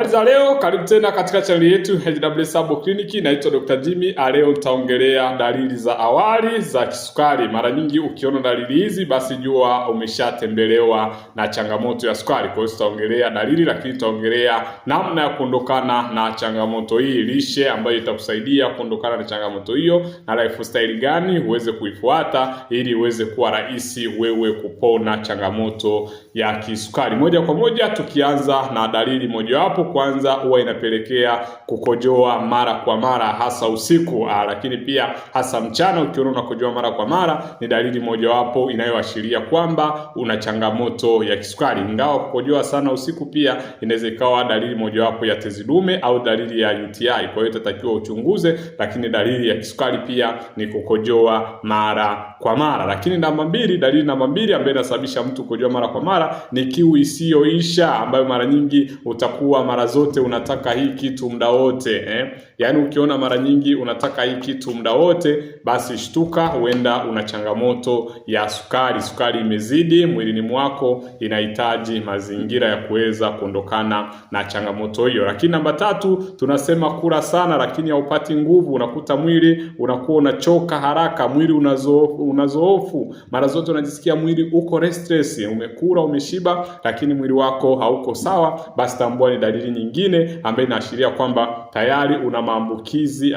Habari za leo, karibu tena katika chaneli yetu HW Sabo Clinic. Naitwa Dr. Jimmy. Leo nitaongelea dalili za awali za kisukari. Mara nyingi ukiona dalili hizi, basi jua umeshatembelewa na changamoto ya sukari. Kwa hiyo tutaongelea dalili, lakini tutaongelea namna ya kuondokana na changamoto hii, lishe ambayo itakusaidia kuondokana na changamoto hiyo, na lifestyle gani uweze kuifuata ili uweze kuwa rahisi wewe kupona changamoto ya kisukari. Moja kwa moja tukianza na dalili mojawapo kwanza huwa inapelekea kukojoa mara kwa mara hasa usiku aa, ah, lakini pia hasa mchana ukiona unakojoa mara kwa mara ni dalili mojawapo inayoashiria kwamba una changamoto ya kisukari. Ingawa kukojoa sana usiku pia inaweza ikawa dalili mojawapo ya tezi dume au dalili ya UTI. Kwa hiyo itatakiwa uchunguze, lakini dalili ya kisukari pia ni kukojoa mara kwa mara. Lakini namba mbili, dalili namba mbili ambayo inasababisha mtu kukojoa mara kwa mara ni kiu isiyoisha ambayo mara nyingi utakuwa mara mara zote unataka hii kitu muda wote eh? Yaani ukiona mara nyingi unataka hii kitu muda wote, basi shtuka, huenda una changamoto ya sukari. Sukari imezidi mwilini mwako, inahitaji mazingira ya kuweza kuondokana na changamoto hiyo. Lakini namba tatu, tunasema kula sana, lakini haupati nguvu. Unakuta mwili unakuwa unachoka haraka, mwili unazoofu, unazoofu mara zote unajisikia mwili uko restless, umekula umeshiba, lakini mwili wako hauko sawa, basi tambua ni dalili dalili nyingine ambayo inaashiria kwamba tayari una maambukizi,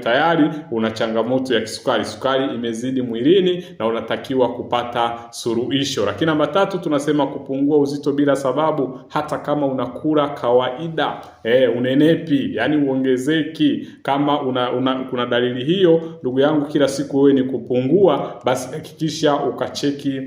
tayari una changamoto ya kisukari, sukari imezidi mwilini na unatakiwa kupata suluhisho. Lakini namba tatu tunasema kupungua uzito bila sababu, hata kama unakula kawaida eh, unenepi yani uongezeki. Kama una, una, kuna dalili hiyo, ndugu yangu, kila siku wewe ni kupungua, basi hakikisha ukacheki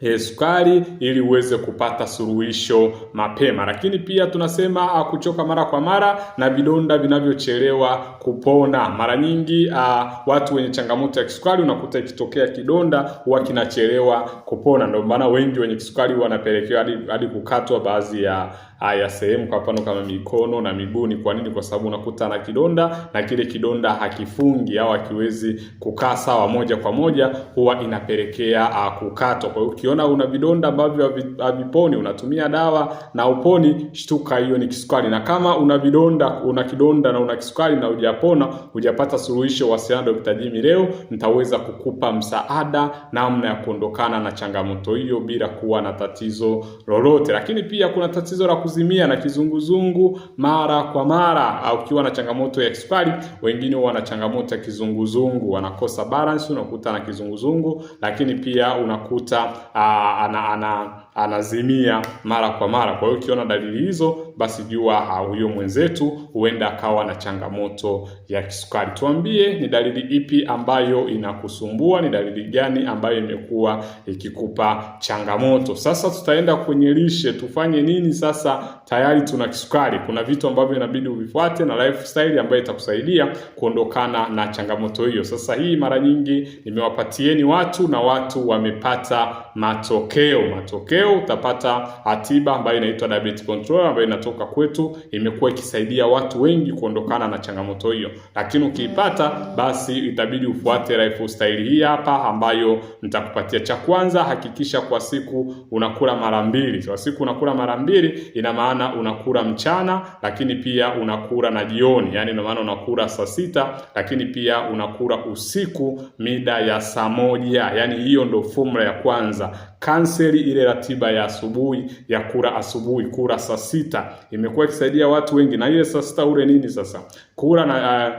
Eh, sukari ili uweze kupata suluhisho mapema. Lakini pia tunasema ah, kuchoka mara kwa mara na vidonda vinavyochelewa kupona. Mara nyingi a, ah, watu wenye changamoto ya kisukari unakuta ikitokea kidonda huwa kinachelewa kupona, ndio maana wengi wenye kisukari wanapelekewa hadi kukatwa baadhi ya ya sehemu kwa mfano kama mikono na miguu. Ni kwa nini? Kwa sababu unakuta na kidonda na kile kidonda hakifungi au hakiwezi kukaa sawa moja kwa moja, huwa inapelekea ah, kukatwa. Kwa hiyo ukiona una vidonda ambavyo haviponi, unatumia dawa na uponi, shtuka, hiyo ni kisukari. Na kama una vidonda, una kidonda na una kisukari na hujapona, hujapata suluhisho, wasiliana na Dr. Jimmy leo, nitaweza kukupa msaada namna ya kuondokana na changamoto hiyo bila kuwa na tatizo lolote. Lakini pia kuna tatizo la kuzimia na kizunguzungu mara kwa mara, au ukiwa na changamoto ya kisukari. Wengine wana changamoto ya kizunguzungu, wanakosa balance, unakuta na kizunguzungu, lakini pia unakuta aa, ana, ana, anazimia mara kwa mara. Kwa hiyo ukiona dalili hizo basi jua huyo mwenzetu huenda akawa na changamoto ya kisukari. Tuambie ni dalili ipi ambayo inakusumbua, ni dalili gani ambayo imekuwa ikikupa changamoto. Sasa tutaenda kwenye lishe, tufanye nini sasa tayari tuna kisukari. Kuna vitu ambavyo inabidi uvifuate na lifestyle ambayo itakusaidia kuondokana na changamoto hiyo. Sasa hii mara nyingi nimewapatieni watu na watu wamepata matokeo. Matokeo utapata atiba ambayo inaitwa diabetes control ambayo inatoka kwetu, imekuwa ikisaidia watu wengi kuondokana na changamoto hiyo, lakini ukiipata basi itabidi ufuate lifestyle hii hapa ambayo nitakupatia. Cha kwanza, hakikisha kwa siku unakula mara mbili. Kwa siku unakula mara mbili, ina maana maana unakula mchana, lakini pia unakula na jioni, yaani ndio maana unakula saa sita, lakini pia unakula usiku mida ya saa moja. Yaani hiyo ndio fomula ya kwanza. Kanseli ile ratiba ya asubuhi ya kula asubuhi, kula saa sita imekuwa ikisaidia watu wengi. Na ile saa sita ule nini sasa kula na uh,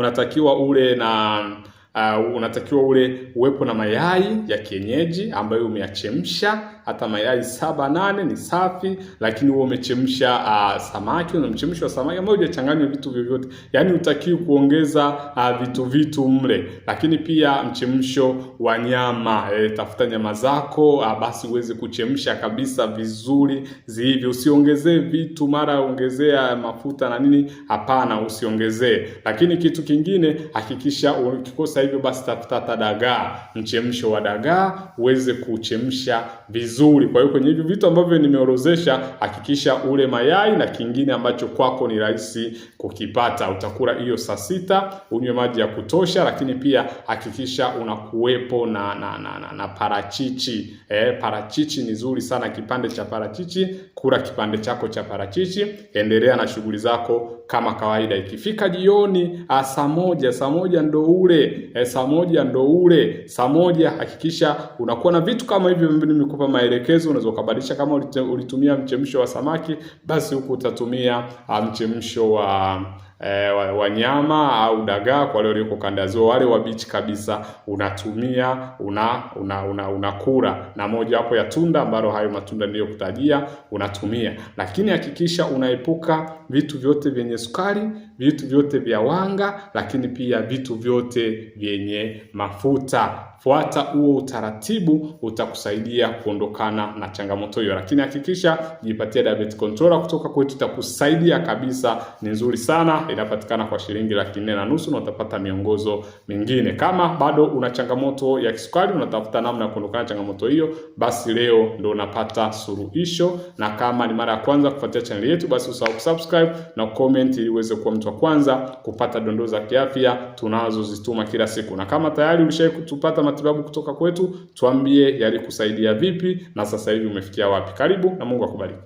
unatakiwa ule na uh, unatakiwa ule uwepo na mayai ya kienyeji ambayo umeyachemsha hata mayai saba nane ni safi, lakini wewe umechemsha uh, samaki unamchemsha samaki ambao hujachanganywa vitu vyovyote, yani utakiwi kuongeza uh, vitu vitu mle, lakini pia mchemsho wa nyama e, tafuta nyama zako uh, basi uweze kuchemsha kabisa vizuri zilivyo, usiongezee vitu mara ongezea mafuta na nini, hapana, usiongezee. Lakini kitu kingine hakikisha ukikosa hivyo, basi tafuta hata dagaa, mchemsho wa dagaa uweze kuchemsha vizuri vizuri. Kwa hiyo kwenye hivi vitu ambavyo nimeorozesha, hakikisha ule mayai na kingine ambacho kwako ni rahisi kukipata. Utakula hiyo saa sita, unywe maji ya kutosha, lakini pia hakikisha unakuwepo na, na, na, na, na parachichi. Eh, parachichi ni nzuri sana, kipande cha parachichi, kula kipande chako cha parachichi, endelea na shughuli zako kama kawaida. Ikifika jioni ah, saa moja, saa moja ndo ule, eh, saa moja ndo ule, saa moja hakikisha unakuwa na vitu kama hivyo nimekupa maelekezo, unaweza ukabadilisha. Kama ulitumia mchemsho wa samaki, basi huku utatumia ah, mchemsho wa e, wanyama au dagaa kwa leo liko kanda ziwa wale wabichi kabisa, unatumia una una, una, una kura na moja wapo ya tunda ambalo hayo matunda kutajia unatumia, lakini hakikisha unaepuka vitu vyote vyenye sukari, vitu vyote vya wanga, lakini pia vitu vyote vyenye mafuta. Fuata huo utaratibu, utakusaidia kuondokana na changamoto hiyo, lakini hakikisha jipatia diabetes controller kutoka kwetu, itakusaidia kabisa. Ni nzuri sana inapatikana kwa shilingi laki nne na nusu na utapata miongozo mingine. Kama bado una changamoto ya kisukari, unatafuta namna ya kuondokana changamoto hiyo, basi leo ndo unapata suluhisho. Na kama ni mara ya kwanza kufuatia chaneli yetu, basi usahau kusubscribe na comment ili uweze kuwa mtu wa kwanza kupata dondoo za kiafya tunazozituma kila siku. Na kama tayari ulishawahi kutupata matibabu kutoka kwetu, tuambie yalikusaidia vipi na sasa hivi umefikia wapi. Karibu na Mungu akubariki.